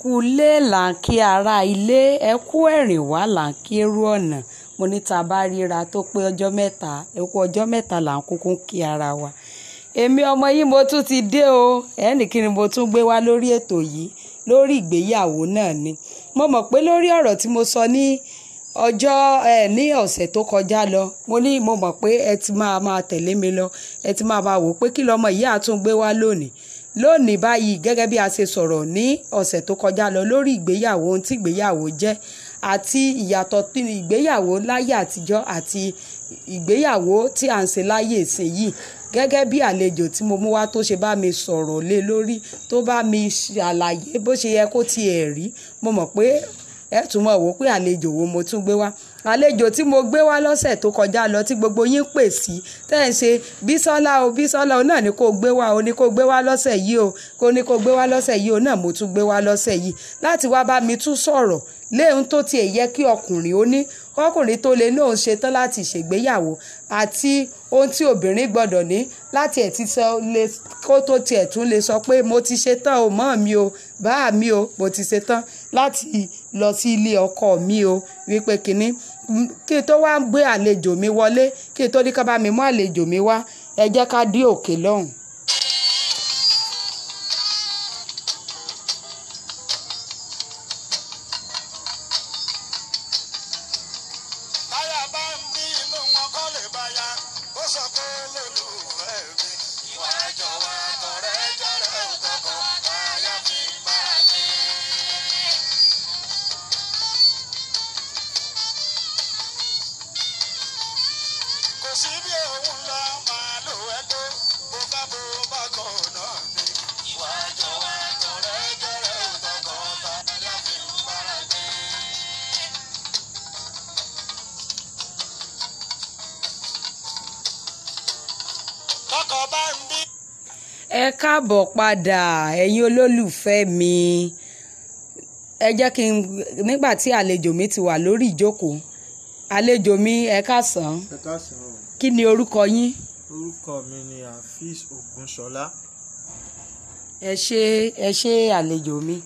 kú ilé là ń kí ara ilé ẹ kú ẹ̀rìn wá là ń kí ẹrú ọ̀nà mo ní ta bá ríra tó pé ọjọ́ mẹ́ta ẹ ọjọ́ mẹ́ta là ń kúkú kí ara wa èmi ọmọ yìí mo tún ti dé o ẹnì kí ni mo tún gbé wá lórí ètò yìí lórí ìgbéyàwó náà ni mo mọ̀ pé lórí ọ̀rọ̀ tí mo sọ ní ọjọ́ ẹ ní ọ̀sẹ̀ tó kọjá lọ mo ní mo mọ̀ pé ẹ ti máa máa tẹ̀lé mi lọ ẹ ti máa máa wò pé kí lọmọ yìí àtún wá lónìí lónìí báyìí gẹ́gẹ́ bí a ṣe sọ̀rọ̀ ní ọ̀sẹ̀ tó kọjá lọ lórí ìgbéyàwó ohun tí ìgbéyàwó jẹ́ àti ìyàtọ̀ ìgbéyàwó láyé àtijọ́ àti ìgbéyàwó tí à ń ṣe láyé ìsìn yìí gẹ́gẹ́ bí àlejò tí mo mú wá tó ṣe bá mi sọ̀rọ̀ lé lórí tó bá mi ṣàlàyé bó ṣe yẹ kó tiẹ̀ rí mo mọ̀ pé ẹ tún wò pé àlejò wo mo tún gbé wá àlejò tí mo gbé wá lọ́sẹ̀ tó kọjá lọ tí gbogbo yín pè sí tẹ́ bísọ́lá o bísọ́lá o náà ni kò gbé wá o ní kò gbé wá lọ́sẹ̀ yìí o kò ní kò gbé wá lọ́sẹ̀ yìí o náà mo tún gbé wá lọ́sẹ̀ yìí láti wá bá mi tún sọ̀rọ̀ léun tó tiẹ̀ yẹ kí ọkùnrin ó ní kọkùnrin tó lè ní òun ṣetán láti ṣègbéyàwó àti ohun tí obìnrin gbọ́dọ̀ ní láti ẹ̀ ti sọ lè kó tó tiẹ̀ tún lè sọ pé mo ti ṣetán o mọ́ mi o bá mi o mo ti ṣetán láti lọ sí ilé ọkọ mi o wípé kínní kí n tó wá gbé àlejò mi wọlé kí n tó ní ká bá mi mú àlejò mi wá ẹ jẹ́ ká dé òkè lọ́hùn ẹ káàbọ̀ padà ẹ̀yin olólùfẹ́ mi ẹ jẹ́ kí n nígbà tí àlejò mi ti wà lórí ìjókòó àlejò mi ẹ káàsán ẹ káàsán o kí ni orúkọ yín. orúkọ mi ni Afeez Ogunṣọlá. ẹ ṣe ẹ ṣe àlejò mi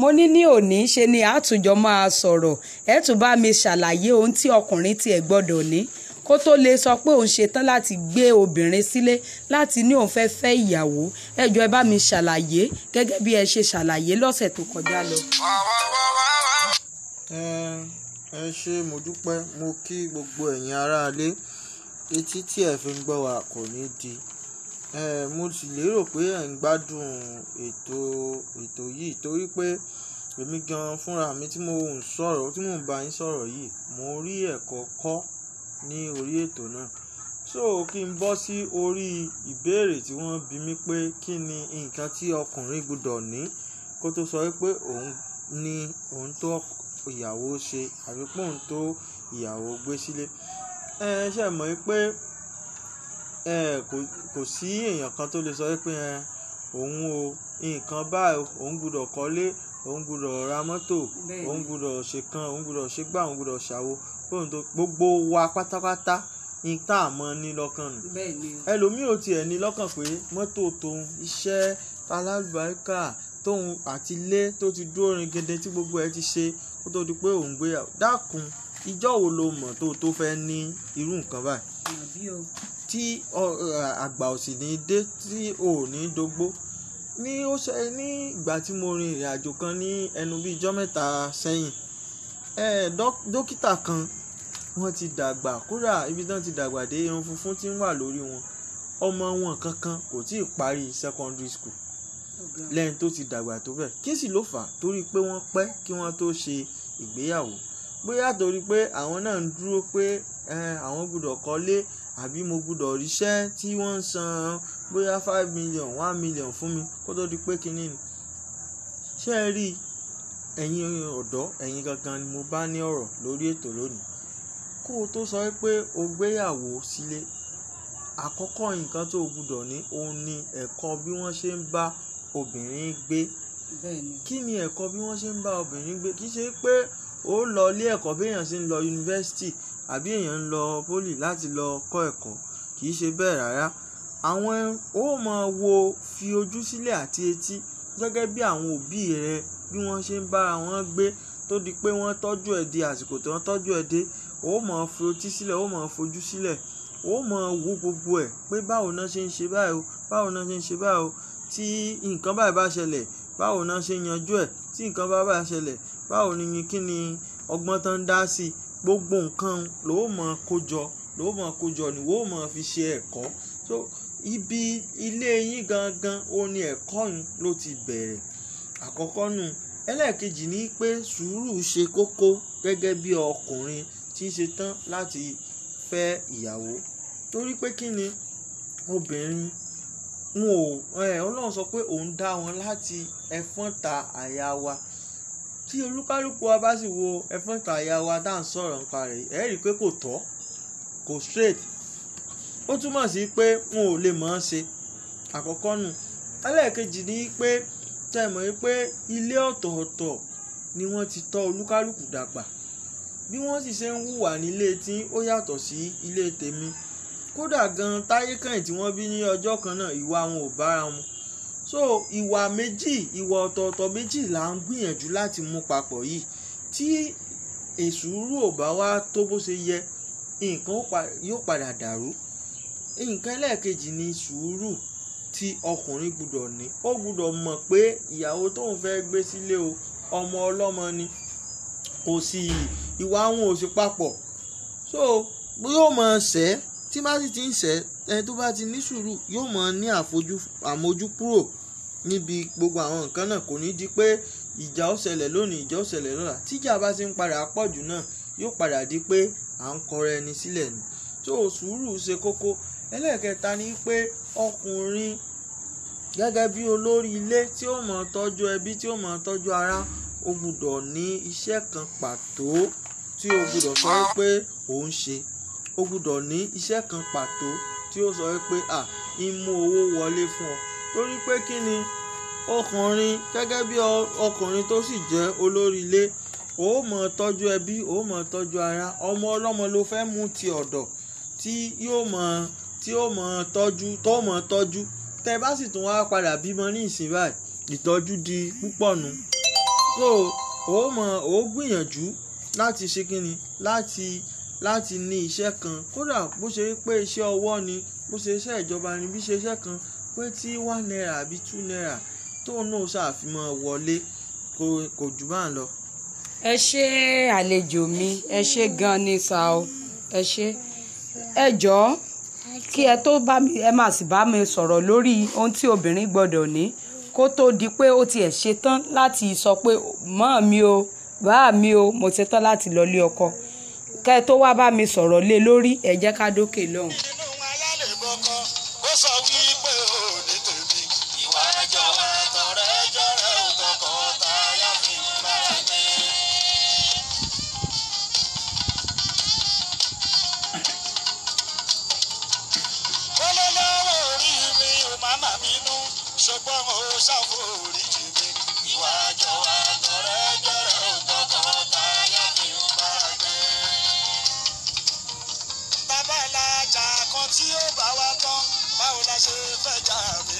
mo ní ní òní ṣe ni àtúnjọ máa sọ̀rọ̀ ẹ tún bá mi ṣàlàyé ohun tí ọkùnrin tiẹ̀ gbọ́dọ̀ ní kó tó lè sọ pé òun ṣetán láti gbé obìnrin sílé láti ní òun fẹ́ fẹ́ ìyàwó ẹ jọ̀ọ́ ẹ bá mi ṣàlàyé gẹ́gẹ́ bí ẹ ṣe ṣàlàyé lọ́sẹ̀ tó kọjá lọ. ẹ ṣe mo dúpẹ́ mo kí gbogbo ẹ̀yin aráalé etí tí ẹ fi ń gbọ́ wa kò ní di mo sì lérò pé ẹ̀ ń gbádùn ètò ètò yìí torí pé èmi gan fúnra mi tí mo ń sọ̀rọ̀ tí mo ń bá yín sọ̀rọ̀ yìí mo rí ẹ̀kọ́ kọ́ ní orí ètò náà. So kí n bọ́ sí orí ìbéèrè tí wọ́n bi mí pé kí ni nǹkan tí ọkùnrin gbọdọ̀ ní kó tó sọ wípé òun ní òun tó ìyàwó ṣe àbí pé òun tó ìyàwó gbé sílé. Ẹ ṣé mọ̀ wípé ẹ kò sí èèyàn kan tó lè sọ wípé ẹ òun o, nǹkan báyìí òun gbọdọ̀ kọ́lé, òun gbọdọ̀ ra mọ́tò, òun gbọdọ̀ ṣe kan, òun gbọdọ̀ ṣe gbá, òun gbọdọ̀ ṣàwo kóhun gbogbo wa pátápátá ní tá a mọ ní lọ́kàn nù. ẹlòmíì ò tiẹ̀ ní lọ́kàn pé mọ́tò tòun iṣẹ́ alálùbáríkà tóun àti ilé tó ti dúró rin gèdè tí gbogbo ẹ ti ṣe kó tó di pé òun gbé dákun ìjọ wo lo mọ̀ tó tó fẹ́ ní irú nǹkan báyìí tí àgbà ò sì ní dé tí ò ní dógbó ní ó ṣe ní ìgbà tí mo rin ìrìn àjò kan ní ẹnu bíi ijọ́ mẹ́ta sẹ́yìn dókítà kan wọ́n ti dàgbà kódà ibi tán ti dàgbà dé irun funfun ti ń wà lórí wọn ọmọ wọn kankan kò tí ì parí secondary school lẹ́yìn tó ti dàgbà tó bẹ̀ kí sì ló fà á torí pé wọ́n pẹ́ kí wọ́n tó ṣe ìgbéyàwó bóyá torí pé àwọn náà ń dúró pé àwọn gbọ́dọ̀ kọ́lé àbí mo gbọ́dọ̀ ríṣẹ́ tí wọ́n ń san bóyá five million one million fún mi kó tó di pé kinní ni ṣé ẹ rí ẹ̀yin ọ̀dọ́ ẹ̀yin gangan ni mo bá ní ọ̀rọ̀ lórí ètò lónìí kó o tó sọ pé o gbéyàwó sílé àkọ́kọ́ nǹkan tó gbúdọ̀ ní òun ni ẹ̀kọ́ bí wọ́n ṣe ń bá obìnrin gbé kí ni ẹ̀kọ́ bí wọ́n ṣe ń bá obìnrin gbé kì í ṣe pé ó lọ ilé ẹ̀kọ́ béèyàn ṣe ń lọ yunifásitì àbí èèyàn ń lọ pólì láti lọ kọ́ ẹ̀kọ́ kì í ṣe bẹ́ẹ̀ rárá àwọn ó máa wo fi ojú sílẹ̀ àti etí gẹ́gẹ́ bí àwọn òbí rẹ bí wọ́n ṣe ń bára wọn gbé tó di pé wọ́n tọ́jú ẹ̀ di àsìkò tí wọ́n tọ́jú ẹ̀ dé ó máa fi otí sílẹ̀ ó máa fojú sílẹ̀ ó máa wo gbogbo ẹ̀ pé báwo náà ṣe ń ṣe báyìí o báwo náà ṣe ń ṣe báyìí o tí nǹkan báyìí bá ṣẹlẹ̀ báwo náà ṣe yanjú ẹ̀ tí nǹkan bá bá ṣẹlẹ̀ báwo ni kí ni ọgbọ́n tán ń dá sí gbogbo nǹkan ló máa kó jọ ló máa kó jọ ni wọ́n máa fi ṣe ẹ̀kọ́ so ibi ilé yín gangan ó ní ẹ̀kọ́ yín ló ti bẹ̀rẹ̀ àkọ́kọ́ nù ẹlẹ́ẹ̀kejì ni pé sùúrù ṣe kókó gẹ́gẹ́ bí ọkùnrin ti ṣe tán láti fẹ́ ìyàwó torí pé kí ni obìnrin wọn ò ẹ ọlọ́run sọ pé òun dá wọn láti ẹ̀fọ́n ta àyà wa tí olúkálùkù wa bá sì wo ẹ̀fọ́n ta àyà wa dá ń sọ̀rọ̀ nípa rẹ̀ ẹ̀ rí i pé kò tọ́ kò straight ó túmọ̀ sí pé wọn ò lè mọ̀ ọ́n ṣe àkọ́kọ́ nù ẹlẹ́ẹ̀kejì ni pé tẹ̀ mọ́ pé ilé ọ̀tọ̀ọ̀tọ̀ ni wọ́n ti tọ́ olúkálùkù dàgbà bí wọ́n sì ṣe ń hùwà nílé tí ó yàtọ̀ sí ilé tèmi kódà gan táyé kẹ́yìn tí wọ́n bí ní ọjọ́ kan náà ìwà wọn ò bára wọn so ìwà méjì ìwà ọ̀tọ̀ọ̀tọ̀ méjì là ń gbìyànjú láti mú papọ̀ yìí tí èsùúrù ò bá wá tó bó ṣe yẹ nǹkan yóò padà dàrú nǹkan ẹlẹ́ẹ̀kejì ni sùúrù tí ọkùnrin gbúdọ̀ ní ó gbúdọ̀ mọ̀ pé ìyàwó tóun fẹ́ gbé sílé o ọmọ ọlọ́mọ ni kò sì yìí ìwà wọn ò sì papọ̀ so yóò máa ṣẹ́ tí bá sì ti ń ṣẹ́ ẹni tó bá ti ní sùúrù yóò máa ní àmójúkúrò níbi gbogbo àwọn nǹkan náà kò ní di pé ìjà ó ṣẹlẹ̀ lónìí ìjà ó ṣẹlẹ̀ lọ́la tíjà bá ti ń padà pọ̀jù náà yóò padà di pé à ń kọra ẹni sílẹ̀ ni tó sùúrù ṣe kókó ẹlẹ́ẹ̀kẹta ni pé ọkùnrin gẹ́gẹ́ bí olórí ilé tí ó mọ̀ tọ́jú ẹbí tí ó mọ̀ tọ́jú ara ó gbúdọ̀ ní iṣẹ́ kan pàtó tí o gbúdọ̀ sọ pé ò ń ṣe o gbúdọ̀ ní iṣẹ́ kan pàtó tí o sọ pé à ń mú owó wọlé fún ọ torí pé kí ni ọkùnrin gẹ́gẹ́ bí ọkùnrin tó sì jẹ́ olórí ilé o mọ̀ tọ́jú ẹbí o mọ̀ tọ́jú ara ọmọ ọlọ́mọ ló fẹ́ mú ti ọ̀dọ̀ tí yóò mọ̀ tí ó mọ̀ tọ́jú tó mọ̀ tọ́jú tẹ́ bá sì tún wá padà bímọ ní ìsìn báyìí ìtọ́jú di púpọ̀ nù so o mọ̀ o gbìyànjú láti ṣe kíni láti láti ní iṣẹ́ kan kódà bó ṣe pé iṣẹ́ ọwọ́ ni bó ṣe iṣẹ́ ìjọba ni bí ṣe iṣẹ́ kan pé tí one naira àbí two naira tó náà ṣàfihàn wọlé kò jù bá ń lọ. ẹ ṣe àlejò mi ẹ ṣe gan ni sa o ẹ ṣe ẹ jọ kí ẹ tó bá mi ẹ máa sì bá mi sọ̀rọ̀ lórí ohun tí obìnrin gbọ́dọ̀ ní kó tó di pé ó tiẹ̀ ṣetán láti sọ pé mọ́ mi o báà mi o mo ti tán láti lọ lé ọkọ kẹ́ ẹ tó wá bá mi sọ̀rọ̀ lé lórí ẹ jẹ́ ká dókè lọ́hùn. ṣùgbọ́n ó ṣàforíjì mi ìwà àjọ wa. tí ó bá wa tán báwo la ṣe fẹ́ jà rú.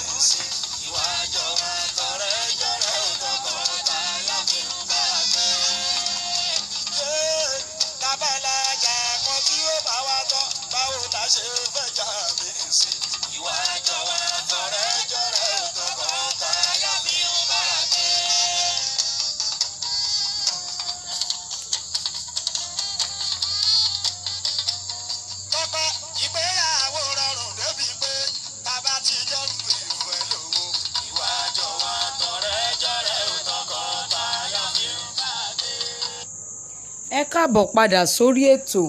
káàbọ̀ padà sórí ètò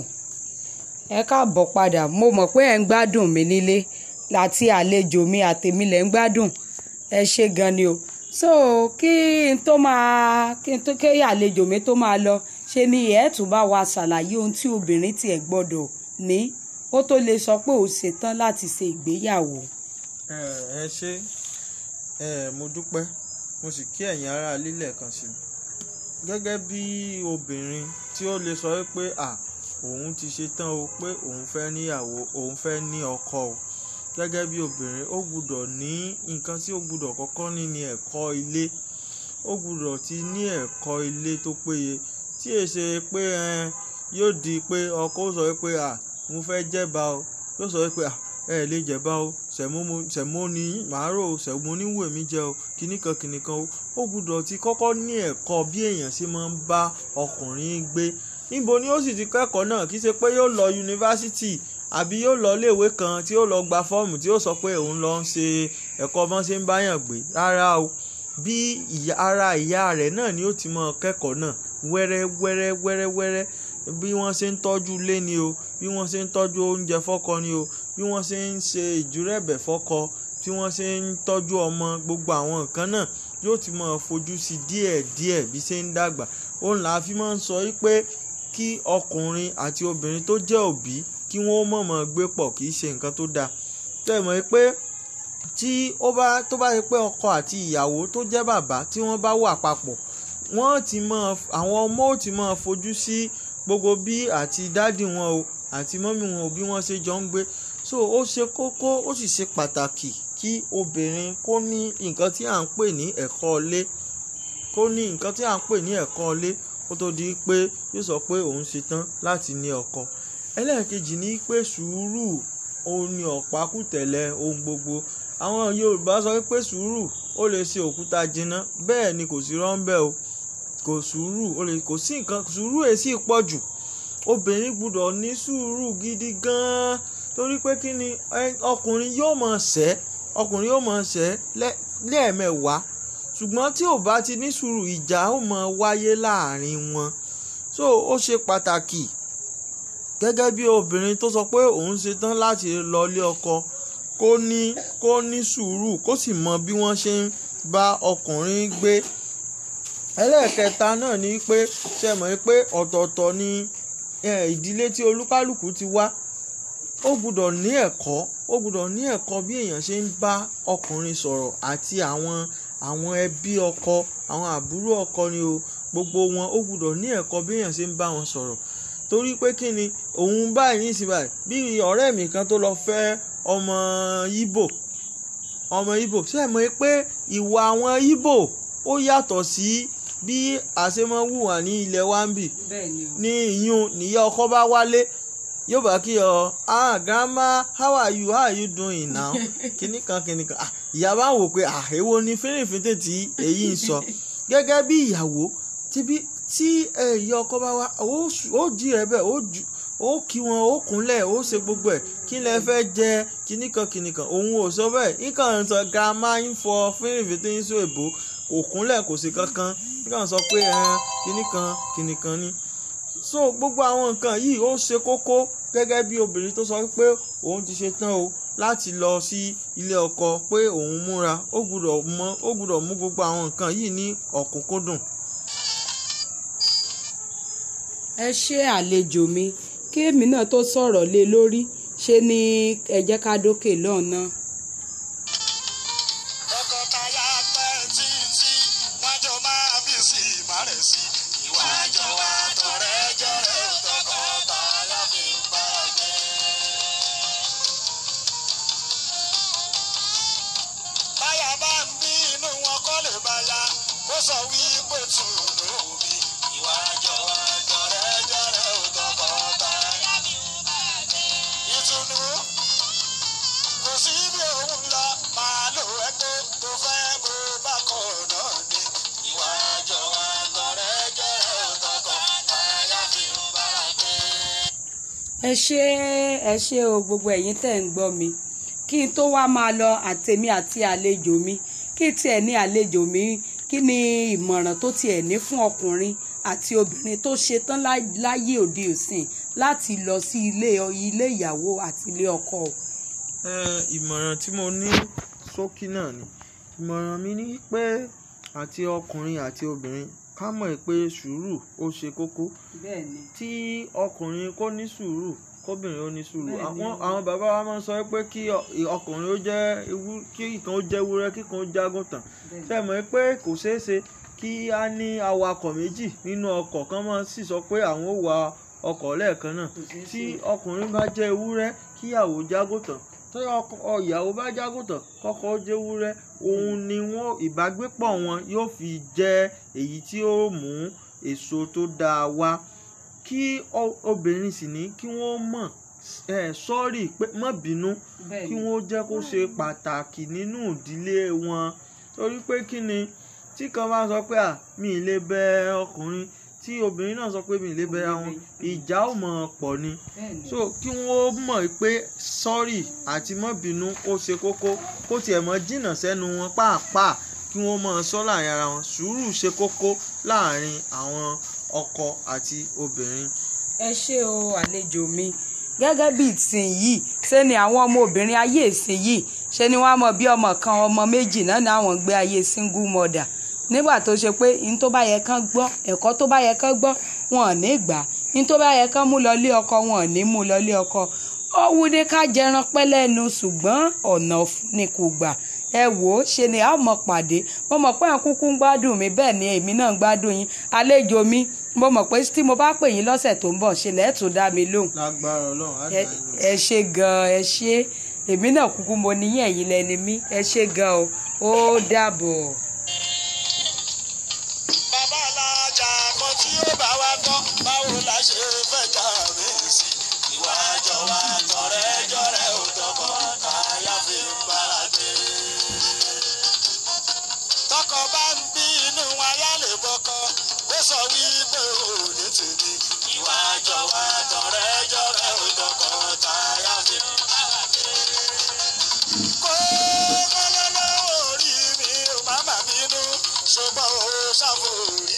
ẹ káàbọ̀ padà mo mọ̀ pé ẹ̀ ń gbádùn mi nílé àti àlejò mi àtèmi lẹ̀ ń gbádùn ẹ ṣe gan ni o so kí n tó máa kí n tó ké àlejò mi tó máa lọ ṣe ni ẹ̀ tún bá wa ṣàlàyé ohun tí obìnrin tiẹ̀ gbọ́dọ̀ ní ó tó lè sọ pé ó ṣetán láti ṣe ìgbéyàwó. ẹ ṣe mo dúpẹ́ mo sì kí ẹ̀yin ará lílẹ̀ kan sí gẹ́gẹ́ bí obìnrin tí ó lè sọ wípé à òun ti ṣe tán o pé òun fẹ́ níyàwó òun fẹ́ ní ọkọ o gẹ́gẹ́ bí obìnrin ó gbúdọ̀ ní nǹkan tí ó gbúdọ̀ kọ́kọ́ ní ni ẹ̀kọ́ ilé ó gbúdọ̀ ti ní ẹ̀kọ́ ilé tó péye tí è ṣe pé yóò di pé ọkọ ó sọ wípé à mo fẹ́ jẹba o yóò sọ wípé à ẹ lè jẹ̀bá o sẹ̀mó ni màárò sẹ̀mó ni wù mí jẹ o kìnnìkan kìnnìkan o ó gbúdọ̀ ti kọ́kọ́ ní ẹ̀kọ́ bí èèyàn ṣe máa ń bá ọkùnrin gbé níbo ni ó sì ti kẹ́kọ̀ọ́ náà kì í ṣe pé yóò lọ yunifásitì àbí yóò lọ iléèwé kan tí yóò lọ gba fọ́ọ̀mù tí yóò sọ pé òun lọ ń ṣe ẹ̀kọ́ bọ́n ṣe ń báyàn gbé rárá o bí ara ìyá rẹ̀ náà ni ó ti mọ kẹ́kọ̀ọ́ náà wẹ́rẹ́ wẹ́rẹ́ wẹ́rẹ́ wẹ́rẹ́ bí wọ́n ṣe ń tọ́jú ilé ni o bí wọ́n ṣe ń tọ́jú oúnjẹ fọ́kọ ni o bí wọ́n ṣe ń ṣe ìjúrẹ̀bẹ̀ fọ́kọ tí wọ́n ṣe ń tọ́jú ọmọ gbogbo àwọn nǹkan náà yóò ti máa fojú sí díẹ̀ díẹ̀ bí ṣe ń dàgbà òun là á fi máa ń sọ pé kí ọkùnrin àti obìnrin tó jẹ́ òbí kí wọ́n mọ̀mọ́ gbé pọ̀ kì í ṣe nǹkan tó dáa tẹ̀ mọ́ pé tí ó bá tó bá ṣe pé ọkọ àti ìyàwó tó jẹ́ bàbá tí wọ́n bá wà papọ̀ wọ́n ti máa àwọn ọmọ ò ti máa fojú sí si, gbogbo bí àti dádì wọn o àti mọ́mí wọn o bí wọ́n ṣe jọ ń gbé so ó ṣe kókó ó sì ṣe pàtàkì kí obìnrin kó ní nǹkan tí à ń pè ní ẹ̀kọ́ ilé kó ní nǹkan tí à ń pè ní ẹ̀kọ́ ilé kó tó di pé yóò sọ pé òun ṣetán láti ní ọkọ ẹlẹ́ẹ̀kejì ní pé sùúrù òun ni ọ̀pákùtẹ̀lẹ̀ ohun gbogbo àwọn Yorùbá sọ pé sùúrù ó lè ṣe òkúta jinná bẹ́ẹ̀ ni kò sí rọ́ńbẹ́ o kò sùúrù o lè kò sí nǹkan sùúrù ẹ̀ sì pọ̀ jù obìnrin gbúdọ̀ ní sùúrù gidi gan-an torí pé kí ni ọkùnrin yóò mọ̀ ṣẹ́ ọkùnrin yóò mọ̀ ṣẹ́ lẹ́ẹ̀mẹwàá ṣùgbọ́n tí ò bá ti ní sùúrù ìjà ó mọ̀ wáyé láàrin wọn so ó ṣe pàtàkì gẹ́gẹ́ bí obìnrin tó sọ pé òun ṣetán láti lọ ilé ọkọ kó ní kó ní sùúrù kó sì mọ bí wọ́n ṣe ń bá ọkùnrin gbé ẹlẹ́ẹ̀kẹta náà ni pé ṣe mọ̀ pé ọ̀tọ̀ọ̀tọ̀ ni ìdílé tí olúkálùkù ti wá ó gbúdọ̀ ní ẹ̀kọ́ ó gbúdọ̀ ní ẹ̀kọ́ bí èèyàn ṣe ń bá ọkùnrin sọ̀rọ̀ àti àwọn àwọn ẹbí ọkọ àwọn àbúrò ọkọ ni o gbogbo wọn ó gbúdọ̀ ní ẹ̀kọ́ bí èèyàn ṣe ń bá wọn sọ̀rọ̀ torí pé kí ni òun báyìí nísìnyí báyìí bí ọ̀rẹ́ mi kan tó lọ fẹ́ ọmọ Ìgbò ọmọ Ìgbò ṣe mọ̀ pé ìwà àwọn Ìgbò ó yàtọ̀ sí si, bí àṣemọ́wù wà ní ilẹ̀ wa ń bì ní ìyún níyà ọkọ bá wálé yóò bá kí ọ ah grandma how are you how are you doing now kíní kan kíní kan ìyá bá ń wò pé àhẹ́wò ní fínrìnfíntè tí èyí ń sọ gẹ́gẹ́ bí ìyàwó tíbi tí ìyá ọkọ bá wá ó jí rẹ bẹ́ẹ̀ ó kí wọn ó kúnlẹ̀ ó ṣe gbogbo ẹ̀ kí lẹ fẹ́ jẹ kíníkan kíníkan òun ò sọ bẹ́ẹ̀ nǹkan sọ girama ń fọ fún ìfìtínsó èbó kò kúnlẹ̀ kò sí kankan nǹkan sọ pé kíníkan kíníkan ni. so gbogbo àwọn nǹkan yìí ó ṣe kókó gẹ́gẹ́ bí obìnrin tó sọ pé òun ti ṣe tán o láti lọ sí ilé ọkọ pé òun múra ó gbúdọ̀ mọ ó gbúdọ̀ mú gbogbo àwọn nǹkan yìí ní ọ̀kúnkúndùn. ẹ ṣe àlejò mi kí èmi náà tó sọ̀rọ̀ lé lórí ṣe ni ẹ jẹ́ ká dókè lọ́nà. ṣé ẹ ṣé o gbogbo ẹ̀yin tẹ̀ ń gbọ́ mi kí n tó wá máa lọ àtèmi àti àlejò mi kí tiẹ̀ ní àlejò mi kí ni ìmọ̀ràn tó tiẹ̀ ní fún ọkùnrin àti obìnrin tó ṣetán láyé òde òsìn láti lọ sí ilé ilé ìyàwó àti ilé ọkọ. ìmọ̀ràn tí mo ní sókí náà ni ìmọ̀ràn mi ni pé àti ọkùnrin àti obìnrin ká mọ̀ pé sùúrù ó ṣe kókó. Bẹ́ẹ̀ni. Tí ọkùnrin kó ní sùúrù, kóbìnrin ó ní sùúrù. Àwọn àwọn bàbá wa máa ń sọ pé kí ọkùnrin ó jẹ́ ewú, kí ìkan ó jẹ́ ewúrẹ́, kí ìkan ó jẹ́ àgùntàn. Ṣé ẹ mọ̀ pé kò ṣeé ṣe kí a ní awakọ̀ méjì nínú ọkọ̀ kan máa sì sọ pé àwọn ó wa ọkọ̀ lẹ́ẹ̀kan náà. Tí ọkùnrin bá jẹ́ ewúrẹ́, kí ìyàwó jẹ́ àgùntàn tọ́yà ọ̀yàwó bá jágùntàn kọ́kọ́ jẹ́wúrẹ́ òun ni wọ́n ìbágbépọ̀ wọn yóò fi jẹ́ èyí tí ó mú èso tó dáa wá kí obìnrin sì ní kí wọ́n mọ̀ ẹ sọ́ọ̀rì pé má bínú kí wọ́n jẹ́ kó ṣe pàtàkì nínú ìdílé wọn torí pé kí ni tí kan bá sọ pé à mi ì lè bẹ ọkùnrin tí obìnrin náà sọ pé mi lè bẹ̀rẹ̀ àwọn ìjà ò mọ̀ pọ̀ ni so kí wọ́n mọ̀ pé sọ́rí àti mọ́bìnú ó ṣe kókó kó tiẹ̀ mọ́ jìnnà sẹ́nu wọn pàápàá kí wọ́n mọ̀ sọ láàrin ara wọn sùúrù ṣe kókó láàrin àwọn ọkọ àti obìnrin. ẹ ṣé o àlejò mi gẹ́gẹ́ bí ìsìn yìí ṣe ni àwọn ọmọ obìnrin ayé ìsìn yìí ṣe ni wọ́n á mọ bí ọmọ kan ọmọ méjì náà ni àwọn gbé ayé single mother nígbà tó ṣe pé n tó bá yẹ kán gbọ́ ẹ̀kọ́ tó bá yẹ kán gbọ́ wọn ò ní gbà n tó bá yẹ kán mú lọ lé ọkọ wọn ò ní mú lọ lé ọkọ ó wúni ká jẹran pẹ́ ṣùgbọ́n ọ̀nà ni kò gbà ẹ wò ó ṣe ni a mọ̀ pàdé mo mọ̀ pé àkúkú ń gbádùn mi bẹ́ẹ̀ ni èmi náà ń gbádùn yín àlejò mi mo mọ̀ pé tí mo bá pè yín lọ́sẹ̀ tó ń bọ̀ ṣe lẹ́ẹ̀tún dá mi lóhùn. ẹ ṣe gan ẹ ṣe èmi náà kúkú mo níyìn ẹ̀yin lẹni mí ẹ ṣe gan o ó dàbọ̀. pé ò ní tèmi. ìwà jọ̀wọ́ tọ̀rẹ́ jọ̀rẹ́ òjọ̀kọ̀ tààrà sí i. kó kọ́lọ́lọ́ orí mi ò má má bínú ṣùgbọ́n ó ṣàfòrí.